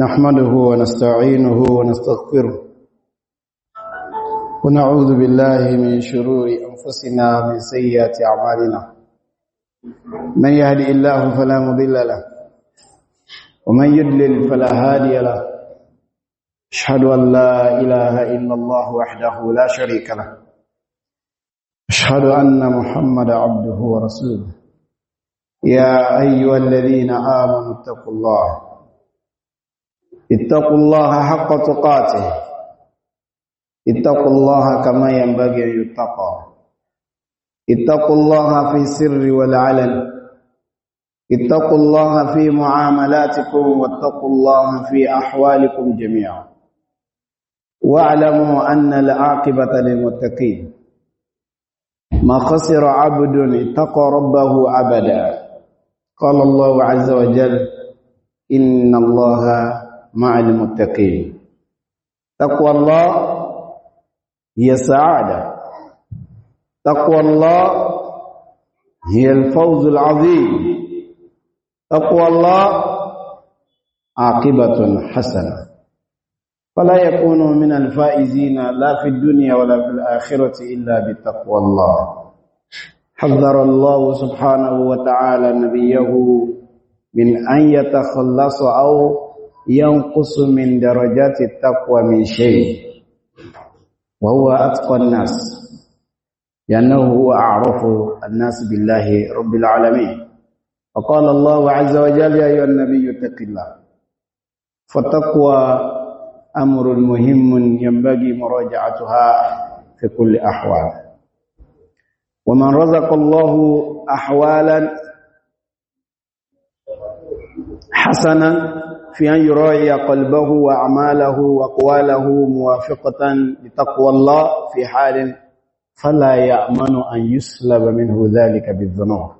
نحمده ونستعينه ونستغفره ونعوذ بالله من شرور أنفسنا ومن سيئات أعمالنا من يهدي الله فلا مضل له ومن يضلل فلا هادي له أشهد أن لا إله إلا الله وحده لا شريك له أشهد أن محمد عبده ورسوله يا أيها الذين آمنوا اتقوا الله اتقوا الله حق تقاته اتقوا الله كما ينبغي أن يتقى اتقوا الله في السر والعلن اتقوا الله في معاملاتكم واتقوا الله في أحوالكم جميعا واعلموا أن العاقبة للمتقين ما خسر عبد اتقى ربه أبدا قال الله عز وجل إن الله مع المتقين تقوى الله هي السعادة تقوى الله هي الفوز العظيم تقوى الله عاقبة حسنة فلا يكون من الفائزين لا في الدنيا ولا في الآخرة إلا بتقوى الله حذر الله سبحانه وتعالى نبيه من أن يتخلص أو ينقص من درجات التقوى من شيء وهو أتقى الناس لأنه هو أعرف الناس بالله رب العالمين وقال الله عز وجل يا أيها النبي اتق الله فالتقوى أمر مهم ينبغي مراجعتها في كل أحوال ومن رزق الله أحوالا حسنا في أن يراعي قلبه وأعماله وأقواله موافقة لتقوى الله في حال فلا يأمن أن يسلب منه ذلك بالذنوب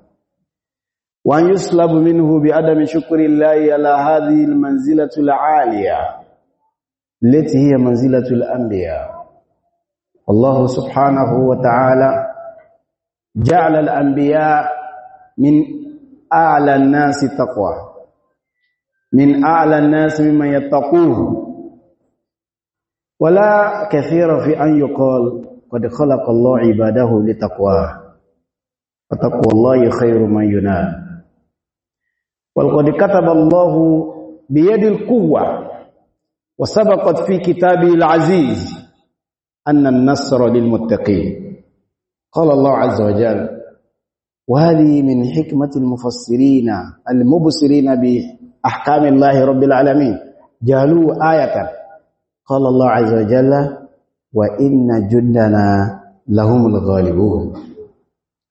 وأن يسلب منه بعدم شكر الله على هذه المنزلة العالية التي هي منزلة الأنبياء الله سبحانه وتعالى جعل الأنبياء من أعلى الناس تقوى من أعلى الناس ممن يتقوه ولا كثير في أن يقال قد خلق الله عباده لتقواه فتقوى الله خير من ينال ولقد كتب الله بيد القوة وسبقت في كتابه العزيز أن النصر للمتقين قال الله عز وجل وهذه من حكمة المفسرين المبصرين به أحكام الله رب العالمين جعلوا آية قال الله عز وجل وإن جندنا لهم الغالبون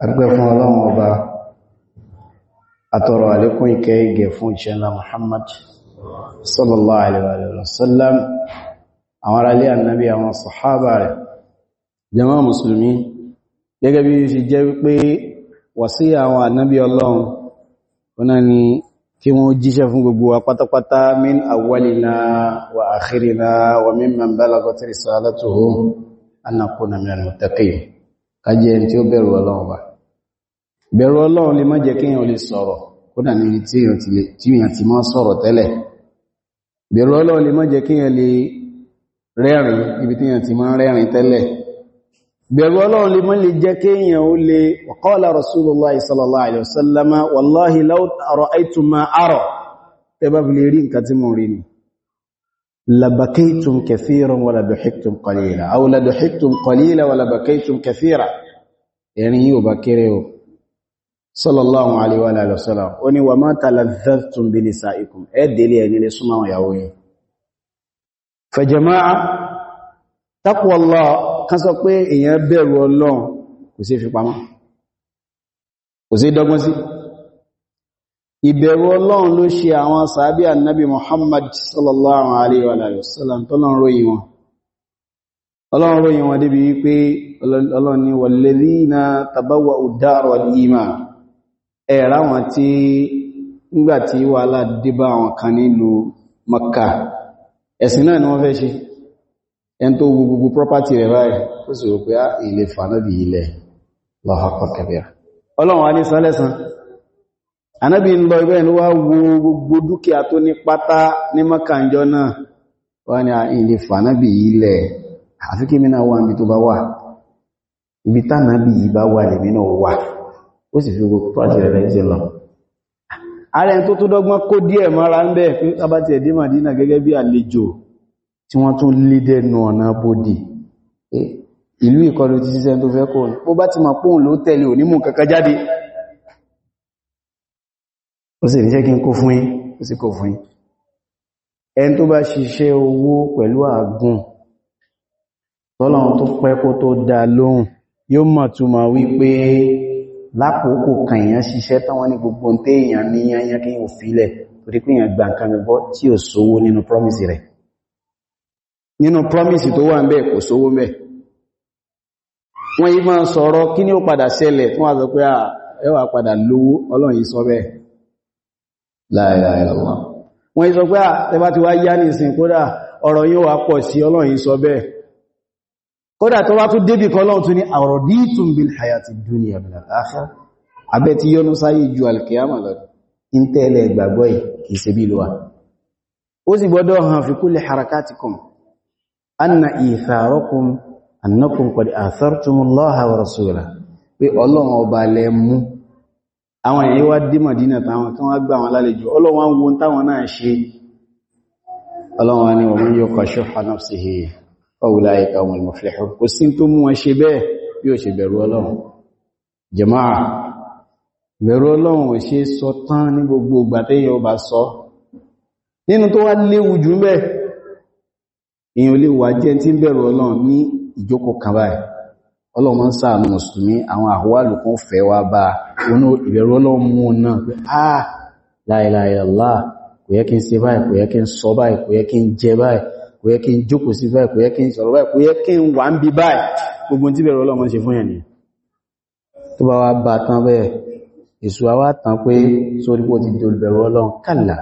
أرجوكم الله وبا أترى عليكم كي يفون شأن محمد صلى الله عليه وآله وسلم أمر لي النبي أمر الصحابة جماعة مسلمين gẹ́gẹ́ bí ṣe jẹ́ wípé wàsíyà àwọn ànábí ọlọ́run ọ̀nà ni tí wọ́n jíṣẹ́ fún gbogbo apátápátá min awwalina wa akhirina wa mimman balagat risalatuhu an nakuna minal muttaqin kájẹ́ tí ó bẹ̀rù ọlọ́run bá bẹ̀rù ọlọ́run lè má jẹ́ kí èèyàn lè sọ̀rọ̀ kódà níbi tí èèyàn ti máa sọ̀rọ̀ tẹ́lẹ̀ bẹ̀rù ọlọ́run lè má jẹ́ kí èèyàn lè rẹ́rìn ibi tí èèyàn ti máa rẹ́rìn tẹ́lẹ̀ bẹ̀rù ọlọ́run lè mọ́ lè jẹ́ kéèyàn ó lè wàkọ́ọ̀lá rasulullah sallallahu alaihi wasallama wallahi law ra'aytu ma ara tẹba lè rí nǹkan tí mo rí ni labakaitum kathiran wala duhiktum qalila aw la duhiktum qalila wala bakaitum kathira yani yóò bá kéré o sallallahu alaihi wa alihi wasallam ó kan sọ pé èèyàn bẹ̀rù ọlọ́run kò sí fipamọ́ kò sí dọ́gbọ́n sí ìbẹ̀rù ọlọ́run ló ṣe àwọn sàábí annabi muhammad sallallahu alaihi wa sallam tọ́lọ́run ròyìn wọn ọlọ́run wọn débi wípé ni wọn ẹn tó gbogbo property rẹ̀ báyìí tó sì rò pé ah, á ilé fànábì ilẹ̀ lọ́hàpọ̀ kẹbẹ̀rẹ̀ ọlọ́run a ní sánlẹ̀sán anábì ń lọ wá wo gbogbo dúkìá tó ní pátá ní mọ́kànjọ́ náà wá ní ah, ilé fànábì ilẹ̀ àfi kí mínà wá ibi tó bá wà ibi tánàbì yìí wà wà ó sì fi gbogbo property rẹ̀ lẹ́yìn sí lọ tó tó dọ́gbọ́n kó díẹ̀ mọ́ra ń bẹ́ẹ̀ ẹ̀dí tí wọ́n tó lé dẹnu ọ̀nà bòdì ìlú ìkọlù ti síṣẹ́ tó fẹ́ kọ́ bó bá ti ma pòun ló tẹ̀lé onímù kankan jáde ó sì níṣẹ́ kí n kó fún yín ó sì kó fún yín ẹni tó bá ṣiṣẹ́ owó pẹ̀lú àgùn tọ́lọ́run tó pẹ́ kó tó dá lóhùn yóò mọ̀ túmọ̀ wípé promise rẹ̀ nínú promise tó wà ń bẹ kò sówó mẹ́ wọ́n yí máa sọ̀rọ̀ kí ní ó padà ṣẹlẹ̀ fún àzọ pé ah, ẹ wá padà lówó ọlọ́run yìí sọ bẹ́ẹ̀ la ilaha illallah wọ́n yí sọ pé ah, ẹbá ti wá yá nìsìn kódà ọ̀rọ̀ yóò wá pọ̀ sí ọlọ́run yìí sọ bẹ́ẹ̀ kódà anna ìfàrọ́kùn annakùn pẹ̀lú àtàrtùmùláha wa rasúlá pé ọlọ́run ọba lẹ mú àwọn èyí wá dí Mọ̀dínà táwọn kan wá gbà wọn lálejò ọlọ́run wo táwọn náà ṣe ọlọ́run ni wọ́n yóò kọ̀ṣọ́ hanafsihi ọwùláyíká wọn mọ̀fẹ́hù kò sí tó mú wọn ṣe bẹ́ẹ̀ bí ó nínú tó wá léwu jù bẹ́ẹ̀ èèyàn lè wà jẹ́ tí ń bẹ̀rù ọlọ́run ní ìjókòó kan báyìí ọlọ́run máa ń ṣàánú mùsùlùmí àwọn àwọ̀wálù kan fẹ́ wá bá inú ìbẹ̀rù ọlọ́run mú náà pé ah la ilaha illallah kò yẹ kí n ṣe báyìí kò yẹ kí n sọ báyìí kò yẹ kí n jẹ báyìí kò yẹ kí n jókòó sí àwá tán pé sórí ti di olùbẹ̀rù ọlọ́run kàlà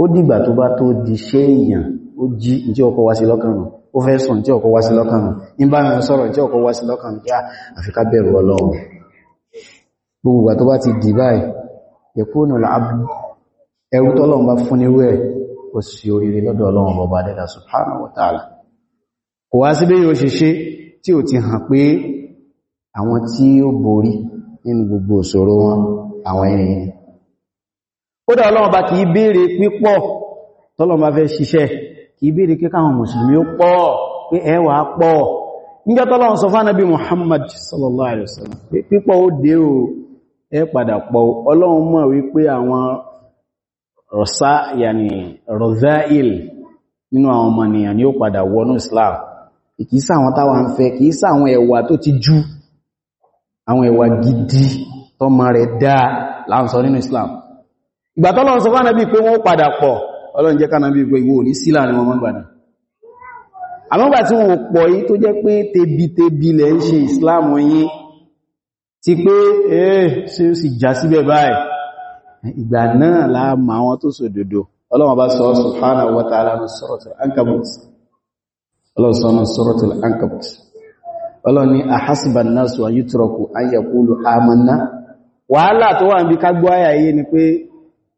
ó dìgbà tó bá tó di ṣé èèyàn ó jí tí ọkọ̀ wá sí lọ́kànrù ó fẹ́ sùn tí ọkọ̀ wá sí lọ́kànrù ìbá mi sọ̀rọ̀ tí ọkọ̀ wá sí lọ́kànrù yá àfikà bẹ̀rù ọlọ́run gbogbo ìgbà tó bá ti dì báyìí yẹ̀kúnù làábù ẹrú tọ́lọ́run bá fún nírú ẹ̀ ó sì oríire lọ́dọ̀ ọlọ́run bọba dẹ́dà àwọn tí ó borí nínú gbogbo òṣòro wọn àwọn ènìyàn ó dá ọlọ́run bá kìí béèrè pípọ̀ tọ́lọ́run bá fẹ́ ṣiṣẹ́ kìí bèèrè kí káwọn mùsùlùmí ó pọ̀ pé ẹwà pọ̀ níjọ́ tọ́lọ́run sọ fánàbí Muhammad sallallahu alaihi wasallam pé pípọ̀ ó dé o ẹ padà pọ̀ ọlọ́run mọ̀ wípé àwọn rọ̀sá yàní rọ̀záìl nínú àwọn ọmọnìyàn ni Islam kìí sáwọn táwa ń fẹ́ kìí sáwọn ẹwà tó ti jú àwọn ẹwà gidi tọ́mọ rẹ̀ dáa láǹsọ nínú Islam ìgbà tọ́lọ́run sọ fánàbí pé wọ́n padà pọ̀ ọlọ́run jẹ́ kánàbí ìgbé ìwò ní sílà ni wọ́n mọ́gbàdà àmọ́gbà tí wọ́n pọ̀ yí tó jẹ́ pé tebitebi lẹ̀ ń ṣe islam yí ti pé ẹ́ ṣe ó sì já síbẹ̀ báyìí ìgbà náà la mọ̀ àwọn tó sòdodo ọlọ́run bá sọ subhanahu wa ta'ala ní suratul ankabut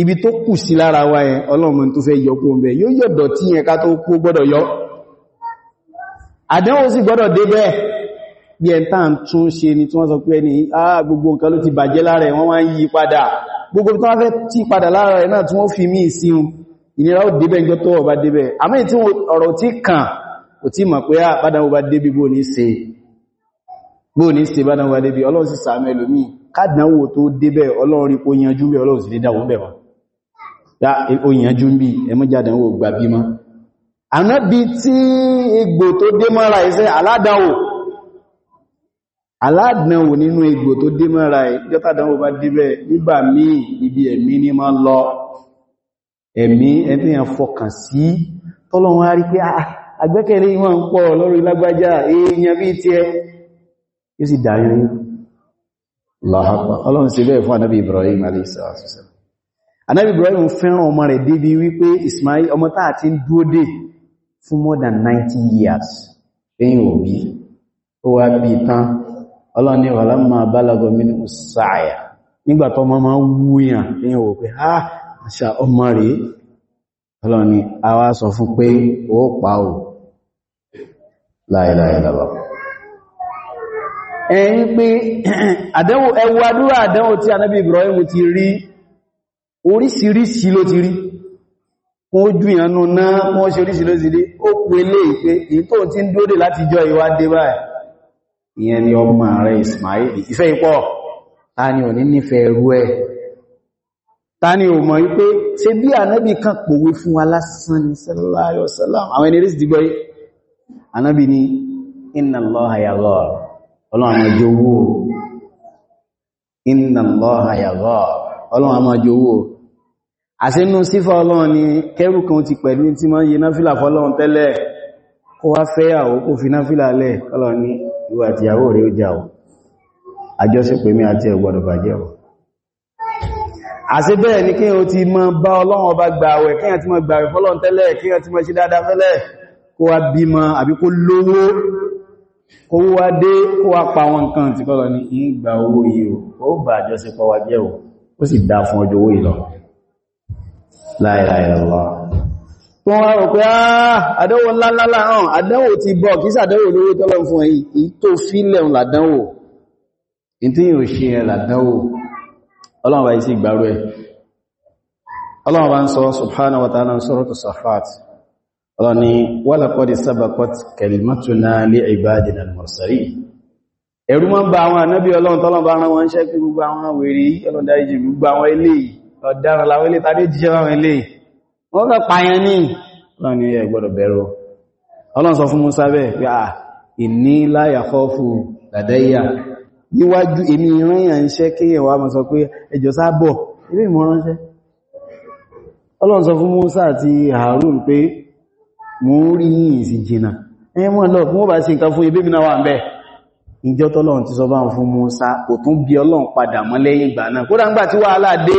ibi tó kù sí lára wa ẹ̀ ọlọ́run tó fẹ́ yọ kó ń bẹ̀ yóò yọ̀dọ̀ tí yẹn ká tó kó gbọ́dọ̀ yọ àdánwò sì gbọ́dọ̀ dé bí ẹ̀ tàn tún ṣe ni tí wọ́n sọ pé ẹni àà gbogbo nǹkan ló ti bàjẹ́ lára ẹ̀ wọ́n wá ń yí padà gbogbo tó wọ́n fẹ́ tí padà lára ẹ̀ náà tí wọ́n fi mí ìsìn ìnira ó débẹ̀ ìjọ tó ọba débẹ̀ àmì tí ọ̀rọ̀ tí kàn kò tí mọ̀ pé à bádánwò bá débi bó ní ṣe bó kó yanjú bẹ́ ọlọ́run sì lé dáwọ́ bẹ̀ ya òyìnjú ń bí ẹmọ́jáde wò gbà bí mọ́ anábi tí egbò tó dé mọ́ra ẹ̀ṣẹ́ aládánwò aládánwò nínú egbò tó dé mọ́ra ẹ̀ jọ́tàdánwò bá débẹ̀ nígbà míì ibi ẹ̀mí ní mọ́ lọ ẹ̀mí ẹ̀mí yàn fọkàn sí tọ́lọ́run á rí pé ah, ah, agbẹ́kẹ̀lé wọn ń pọ̀ lórí lágbájá èèyàn bí ti ẹ yóò sì dáyọ yìí lọ́hàpá ọlọ́run sí bẹ́ẹ̀ fún ànábì Ibrahim alayhi salatu wasalam anábì Ibrahim fẹ́ràn ọmọ rẹ̀ débi wípé Ismail ọmọ táà ti ń dúó dé fún more than 90 years lẹ́yìn òbí ó wá bí tán ọlọ́ni wà lámà bálagọ mínú sáàyà nígbàtọ́ ọmọ máa wúyàn lẹ́yìn òwò pé ha ah, àṣà ọmọ rẹ̀ ọlọ́ni a wá sọ fún pé ó pa ò láìláìlọ́lọ́ ẹ̀yìn pé àdánwò ẹwà dúrà àdánwò tí anábì Ibrahim ti rí oríṣiríṣi ló ti rí wọ́n jú ìyànú náà wọ́n ṣe oríṣi ló ti rí ó pè lè pé èyí tó ti ń dóde láti jọ ìwà báyìí ìyẹn ni ọmọ rẹ̀ Ismail ìfẹ́ ipọ̀ ta ni ò ní nífẹ̀ẹ́ sallallahu alaihi wasallam àwọn ẹni rí sì dìgbọ́ inna Allaha yaghar ọlọ́run àjò owó inna Allaha yaghar ọlọ́run àmọ́ àjò owó àṣínú sífà ọlọ́run ni kẹrù kan ti pẹ̀lú tí ma ń yẹ náfílà fọ́lọ́run tẹ́lẹ̀ kó wá fẹ́ àwó kó fi náfílà lẹ̀ kọ́lọ̀ ní ìwà àtìyàwó rí ó jà ọ̀ àjọṣepẹ̀ mi àti ẹ̀gbọ́dọ̀ bàjẹ́ ọ̀ àṣẹ o ti mọ bá ọlọ́run ọba o ti mọ gbààwẹ̀ fọ́lọ́run tẹ́lẹ̀ kí o ti mọ ṣe dáadáa fẹ́lẹ̀ kó wá bímọ àbí kó lówó kó wá dé kó wá pa wọn nǹkan tí kọ́lọ̀ ní ìgbà owó yìí ó bà àjọṣepọ̀ wa sì dá fún ọjọ́ owó ìlọ́run láìláìlọ́wọ́ wọ́n wá rò pé ah, àdánwò ńláńlá hàn àdánwò ti bọ̀ kìí sàdánwò lórí tọ́lọ fún ẹ̀yìn tó fílẹ̀un làdánwò ìtí yíò ṣe ẹ̀ làdánwò ọlọ́run bá isi ìgbàrú ẹ̀ ọlọ́run bá ń sọ subhanahu wa ta'ala suratu safat ọlọ́run ni walaqad sabaqat kalimatuna li ibadina al-mursalin ẹ̀rú mọ́ bá àwọn ànábì ọlọ́run tọ́lọ́run bá rán wọn ṣẹ́ ọ̀daràn làwọn ilé tàbí jíṣẹ́ láwọn ilé wọ́n fẹ́ pààyàn ní ọlọ́run ni ẹ gbọ́dọ̀ bẹ̀rọ ọlọ́run sọ fún Musa bẹ́ẹ̀ pé à ìní láyà fọ́fù dàdẹ́yà níwájú èmi ìrìnyàn iṣẹ́ kéyẹ̀ wá mọ́ sọ mo ń rí yìí sí jìnà ẹmọ́ lọ fún ó bá ṣe nǹkan fún ebé mi náà wà ń fún Musa kò tún bí ọlọ́run padà mọ́ lẹ́yìn ìgbà náà kódà ń gbà tí wàhálà dé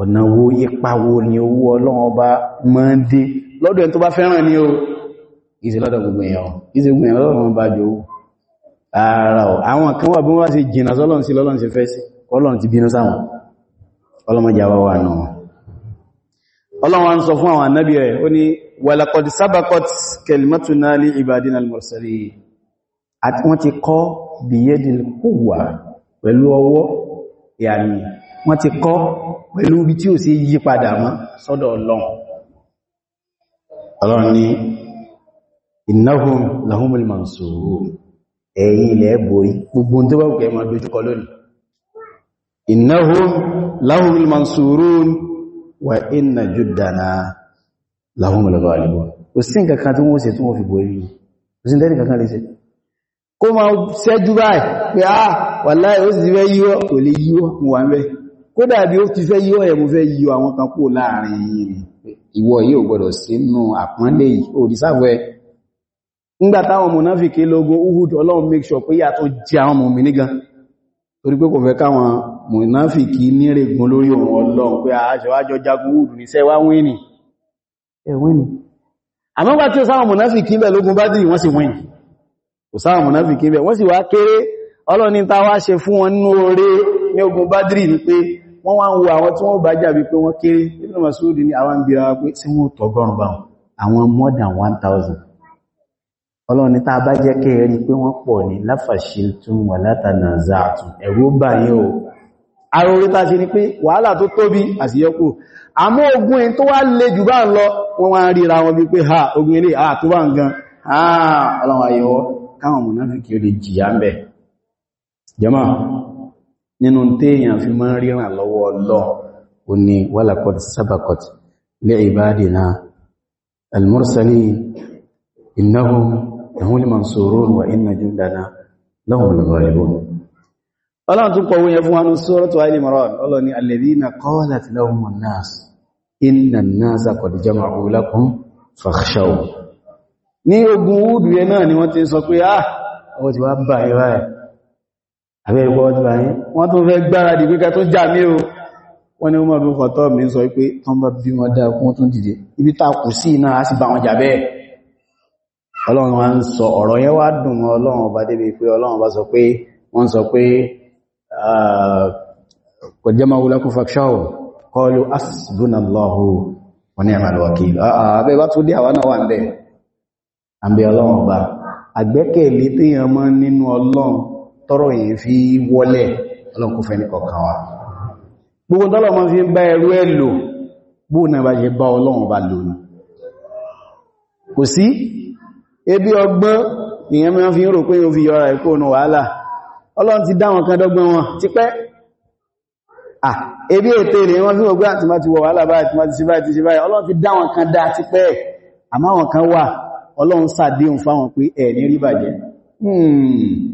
ọ̀nà wo ipa wo ni owó ọlọ́run ọba máa ń dé lọ́dọ̀ ẹni tó bá fẹ́ràn ní o ìsẹ̀ lọ́dọ̀ gbogbo èèyàn ìsẹ̀ gbogbo èèyàn lọ́dọ̀ bá jò ara ọ̀ àwọn kan wà bí wọ́n sì jìnà sọ́lọ́n sí lọ́lọ́n sí fẹ́ sí ọlọ́run ti bínú sáwọn ọlọ́mọjà wà wà náà ọlọ́run sọ fún àwọn anábì rẹ̀ ó ní walaqad sabaqat kalimatuna li ibadina al-mursalin àti wọ́n ti kọ́ biyadil quwwa pẹ̀lú ọwọ́ ìyàmì wọ́n ti kọ́ pẹ̀lú bí tí ó sì yí padà mọ́ sọ́dọ̀ ọlọ́run ọlọ́run ni innahum lahumul mansurun ẹ̀yin ilẹ̀ borí gbogbo tó bá kẹ́ máa dojúkọ lónìí innahum lahumul mansurun wa inna juddana lahumul kó máa ṣẹ́jú báyìí pé ah wàláhì ó sì fẹ́ yíwọ́ kò lè yíwọ́ wà ń bẹ́ẹ̀ kódà bí ó ti fẹ́ yíò ẹ̀ fẹ́ yíò àwọn kan kó láàrin yìí ìwọ yìí ò gbọdọ̀ sínú àpọ́nlé yìí ò rí sáfẹ́ ńgbà táwọn Uhud Ọlọ́run make sure pé yàtọ̀ jẹ àwọn mọ̀mí nígan torí pé kò fẹ́ káwọn mùnáfìkì nírègùn lórí ohun Ọlọ́run pé àṣẹwájọ jagun Uhud ní sẹ́wá wíní ẹ̀wíní àmọ́gbà tí ó sáwọn mùnáfìkì bẹ̀ lógún bá wọ́n sì wíní kò sáwọn bẹ̀ wọ́n wá ń wo àwọn tí wọ́n bá jà wípé wọ́n kéré Ibn Mas'ud ní àwọn bí ara pé tí wọ́n tọ́gọ́rùn bá wọn àwọn more than 1000 ọlọ́run ní tá a bá jẹ́ kẹ́ẹ̀rí pé wọ́n pọ̀ ní lafashiltum wà látànà zaatun ẹ̀rú o arórí ta ṣe ni pé wàhálà tó tóbi àṣíyọ́kù àmọ́ ogun èyí tó wá lè jù bá ń lọ ha ogun ilé ha ah, tó bá ń gan ha ah, ọlọ́run ayẹwọ́ káwọn mùnáfíkì ó lè nínú téèyàn fi máa ń ríran lọ́wọ́ ọlọ́run ò ní wàlàkọ̀t sábàkọ̀t lé ìbádìíná almursali innahu lahum mansurun wa inna jundana lahum al-ghalibun ọlọ́run tún pọ̀wó yẹn fún wa ní suratu al-imran ọlọ́ni alladhina qalat lahum an-nas inna an-nasa qad ogun wúdù yẹn náà ni wọ́n ti sọ pé ah ọwọ́ ti wá bá ẹ̀ àbẹ́ẹ̀kọ́ ọdún báyìí wọ́n tún fẹ́ gbáradì pé ká tó o wọ́n ní Umar bin Khattab mi sọ pé tán bá bí a sì bá wọn jà bẹ́ẹ̀ ọlọ́run wa ń sọ ọ̀rọ̀ yẹn wá dùn mọ́ ọlọ́run ọba débi pé ọlọ́run bá sọ pé wọ́n sọ pé kò ah, jẹ́ máa wulẹ́kùn fàkṣọ́ọ̀ kọlu asbunallahu wa ni'mal wakil àbẹ́ ah, ah, bá tún dé àwa náà wà ń bẹ̀ àbẹ́ ọlọ́run ọba àgbẹ́kẹ̀lé téèyàn mọ́ nínú tọ́rọ yìí fi wọlẹ̀ ọlọ́kùnfẹ́ ní kọ̀kan wa gbogbo tọ́lọ̀ mọ́ fi ń bá ẹrú ẹ lò bó náà bá ṣe bá ọlọ́run bá lò ní kò sí ebi ọgbọ́n ìyẹn mẹ́wọ́n fi ń wọn kan dọ́gbọ́n wọn ti pẹ́ ah ebi ètè rẹ̀ wọ́n fi ọgbọ́n àti máa ti wọ wàhálà báyìí ti máa ti ṣe báyìí ti ṣe ọlọ́run ti dá kan dá ti pẹ́ àmáwọn kan wà ọlọ́run sàdéhùn fáwọn pé ẹ̀ ní rí bàjẹ́ hmm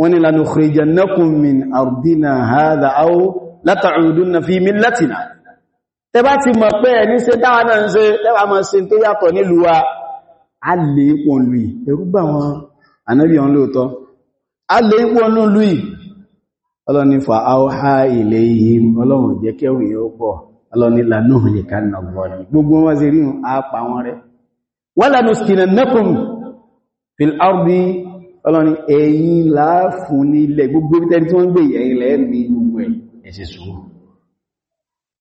wọ́n ní lanùkìrìjànákùn min àrùdínà hádà áwó látàrùdúnnà fi mílátìnà tẹbá ti mọ̀ pé ẹni ṣe dáwà náà ń ṣe tẹbà mọ̀ sí tó yàtọ̀ nílùú wa a lè ipò lùí ẹrúgbà wọn ànábì ọ̀n lóòtọ́ a lè ipò ọ̀nà lùí ọlọ́ni fa áwọ́há ọlọ́ni ẹ̀yìn láàfún ní ilẹ̀ gbogbo tẹ́lì tí wọ́n gbé ẹ̀yìn lẹ́ẹ̀mí gbogbo ẹ̀ ṣe sùúrù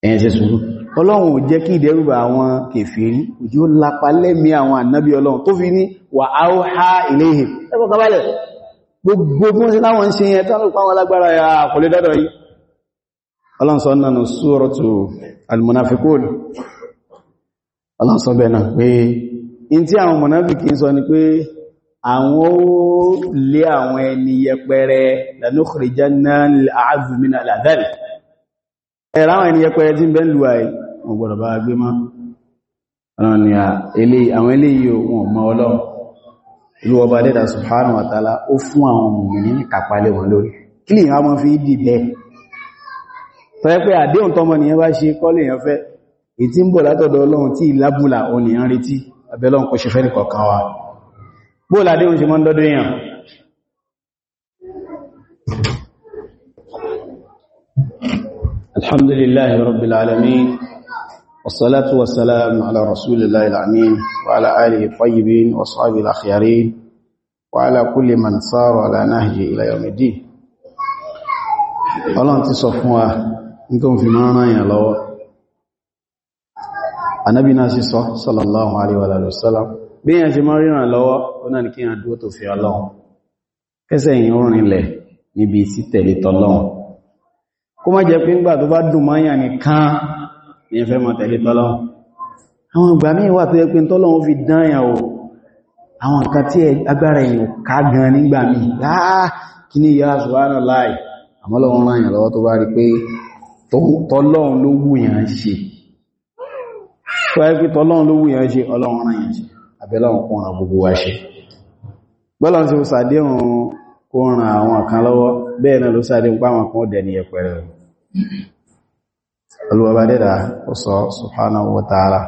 ẹ̀yìn ṣe sùúrù ọlọ́run ò jẹ́ kí ìdẹ́rùbà àwọn kèfèrí òjò lápa lẹ́mí àwọn ànábí ọlọ́run tó fi ní wà áwọ́há iléhìn gbogbo bí wọ́n sí láwọn ń ṣe yẹn tán lópa wọn lágbára àkọlẹ̀ dọ́dọ̀ yìí àwọn ó lé àwọn ẹni yẹpẹrẹ lanúkìrìjánná àázùmínà àdàlì ẹ̀rọ àwọn ẹni yẹpẹrẹ tí ń bẹ́ lù àì wọ́n gbọ́dọ̀ bá gbé mọ́ àwọn eléyìí wọn mọ́ ọlọ́run olúwa ọba dẹ́dà subhanahu wa ta'ala ó fún àwọn mùmìnì ní kàpálẹ̀ wọn lórí kí lè hàn mọ́ fi dì bẹ́ẹ̀ tọ́yẹ́ pé bóòlà dé oúnjẹ mọ́ lọ́dún èèyàn alhamdulillahi rabbil alamin wassalatu wassalamu ala rasulillahi alamin wa ala alihi tayyibin wa sahbihi al-akhyarin wa ala kulli man sara ala nahji ila yawmiddin ọlọ́n ti sọ fún wa ní tó ń fi máa rán yà lọ́wọ́ anábi náà sí sọ sallallahu alaihi wa sallam bí yẹn ṣe mọ́ ríran lọ́wọ́ ó náà ní kí yẹn dúró tó fi ọlọ́run kẹsẹ̀ yìí ó rìnlẹ̀ níbi títẹ̀lé tọlọ́run kó má jẹ́ pé ńgbà tó bá dùn mọ́yàn nìkan ní ẹfẹ́ mọ́ tẹ̀lé tọlọ́run àwọn ìgbà míì wà tó yẹ pé tọlọ́run fi dán yàn o àwọn nǹkan tí agbára èèyàn ká gan nígbà míì láà ló wù yàn ṣe tọ́lọ́run ló wù yàn ṣe ọlọ́run ràn yàn ṣe àbẹ́lọ́wọ̀n kún ọ̀ràn gbogbo wa ṣe bọ́lọ́n ti sàdéhùn kún ọ̀ràn àwọn kan lọ́wọ́ bẹ́ẹ̀ náà ló sàdéhùn páwọn kan dẹ̀ ní ẹ̀pẹ̀rẹ̀ olùwàbádẹ́dà ó wa ta'ala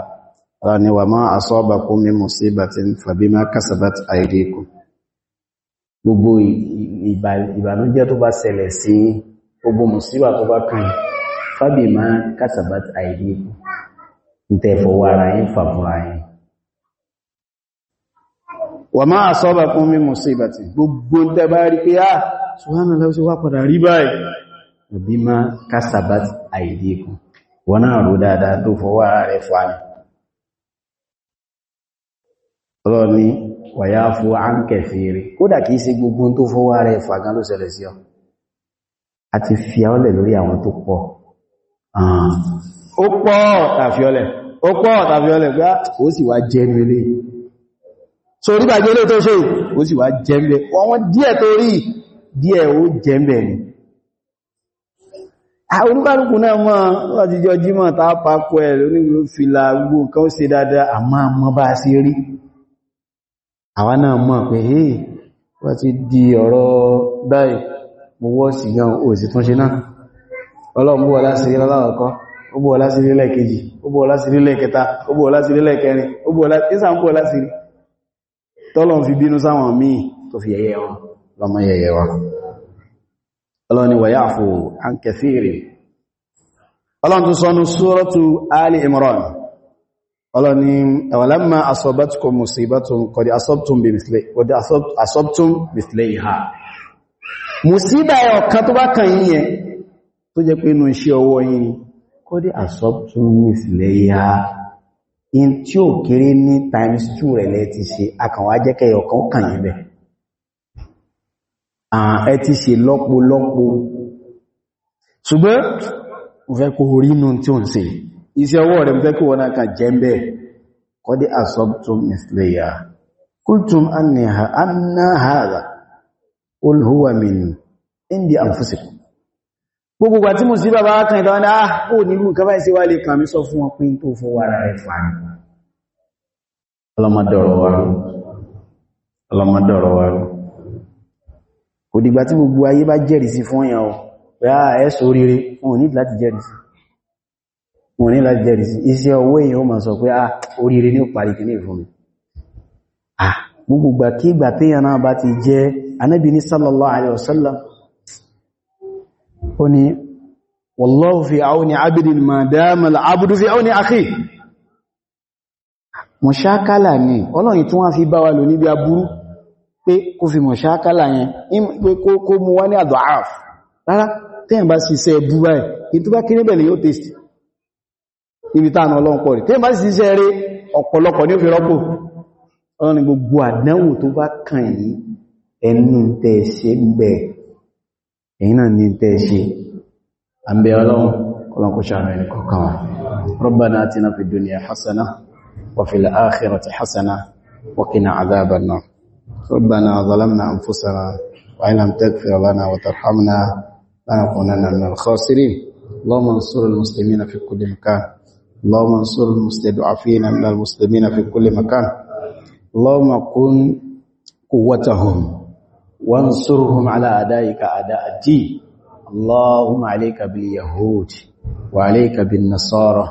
ra ni wa ma asabakum min musibatin fabima kasabat aydikum gbogbo ìbànújẹ́ tó bá ṣẹlẹ̀ sí gbogbo mùsíbà tó bá kàn fábì máa kasabat aydikum ń tẹ́ fọwọ́ ara yín fàbúra yín wà máa sọ́bà fún mí musibati gbogbo tẹ bá rí pé á ṣùgbọ́n lọ sí wá padà rí báyìí òbí ma kásabat àìdíkù wọ́n náà rú dáadáa tó fọwọ́ rẹ̀ fàánì ọlọ́ ni wà yá fún áńkẹ̀ fèrè kódà kìí sí gbogbo tó fọwọ́ rẹ̀ fàgán ló ṣẹlẹ̀ sí ọ àti fiọ́lẹ̀ lórí àwọn tó pọ̀ ó pọ̀ tàfiọ́lẹ̀ ó pọ̀ tàfiọ́lẹ̀ gbá ó sì wá jẹ́ nílé so rí bàjẹ́ ilé tó ṣe ó sì wá jẹ́m̀bẹ̀ wọ́n díẹ̀ tó rí díẹ̀ ó jẹ́m̀bẹ̀ ni olúkálùkù náà mọ́ láti jọ jímọ̀ tàà pàkó ẹ̀ onígbò fìlà gbogbo nǹkan ó ṣe dáadáa àmọ́ àmọ́ bá sí rí àwa náà mọ̀ pé hey wọ́n ti di ọ̀rọ̀ báyìí mo wọ́ sí yan ó sì tún ṣe náà ọlọ́run bó ọlá sí rí lọ́lọ́ọ̀kọ́ ó bó ọlá sí rí lẹ́ẹ̀kejì ó bó ọlá sí rí lẹ́ẹ̀kẹta ó bó ọlá sí rí lẹ́ẹ̀kẹrin ó bó ọlá sí rí tọ́lọ́n fi bínú sáwọn míì tó fi yẹyẹ wọn lọ́mọ yẹyẹ wọn ọlọ́run ni wàyá fò an kẹfìrì ọlọ́run tó sọ́nu sórọ́tù Ali Imran ọlọ́run ni ẹ̀wàlẹ́mà asọ́bátùkọ̀ musibatun kọ̀dí asọ́btún bìtìlẹ̀ ìhà musíbà ẹ̀ ọ̀kan tó bá in tí ó kéré ní times 2 rẹ̀ lẹ́ ti ṣe ọ̀kan kàn yí bẹ̀. ẹ ti ṣe ṣùgbọ́n mo fẹ́ kó orí inú tí ó ń ṣe iṣẹ́ ọwọ́ rẹ̀ mo fẹ́ kó náà jẹ́ bẹ́ẹ̀ kọ́ dé kultum gbogbo ìgbà tí mo sí bàbá kan ìdánwà ah, ní àà ó nílùú nǹkan báyìí sí wà lè kàmí sọ fún wọn pé tó fowó ara rẹ̀ fà ní ọlọ́mọdọ̀rọ̀ wa ọlọ́mọdọ̀rọ̀ wa kò dìgbà tí gbogbo ayé bá jẹ́rìsí fún ọ̀yàn ọ̀ pé a ah, ẹ̀sọ oríire wọn ò ní láti jẹ́rìsí wọn ò ní láti jẹ́rìsí iṣẹ́ ọwọ́ èèyàn ó máa sọ pé a ah, oríire ní parí kìíní fún mi gbogbo ìgbà kí ìgbà téèyàn náà bá ti jẹ́ anábì ní sallallahu alaihi wasallam ó ní wallahu fi auni abidin ma dama al'abudu fi auni akhi mọ̀ṣákálà ni ọlọ́rin tí wọ́n fi bá wa lò níbi aburú pé kó fi mọ̀ṣákálà yẹn pé kó mú wá ní àdọ̀ àf rárá tẹ́yìn bá sì iṣẹ́ ẹbú báyìí ìtú bá kí níbẹ̀ lè yóò tèsì gbogbo àdánwò tó bá kàn yìí ẹnu tẹ̀ẹ̀ṣẹ́ bẹ̀ẹ̀ ẹ̀yin náà ní tẹ́ ṣe àbẹ̀ ọlọ́run kọlọ̀n kó ṣàrẹ̀ ní kọ̀ọ̀kan wa rabbana atina fid dunya hasana wa fil akhirati hasana wa qina adhaban nar rabbana zalamna anfusana wa in lam taghfir lana wa tarhamna lanakunanna minal khasirin allahumma ansur al muslimina fi kulli makan اللهم انصر المستضعفين من المسلمين في كل مكان اللهم كن قوتهم وانصرهم على أدائك أداء الدين اللهم عليك باليهود وعليك بالنصارى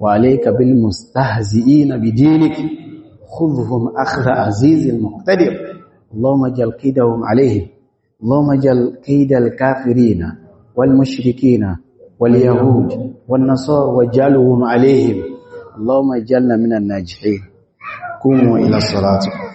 وعليك بالمستهزئين بدينك خذهم أخذ عزيز المقتدر اللهم اجعل كيدهم عليهم اللهم اجعل كيد الكافرين والمشركين واليهود والنصارى واجعلهم عليهم اللهم اجعلنا من الناجحين قوموا إلى الصلاة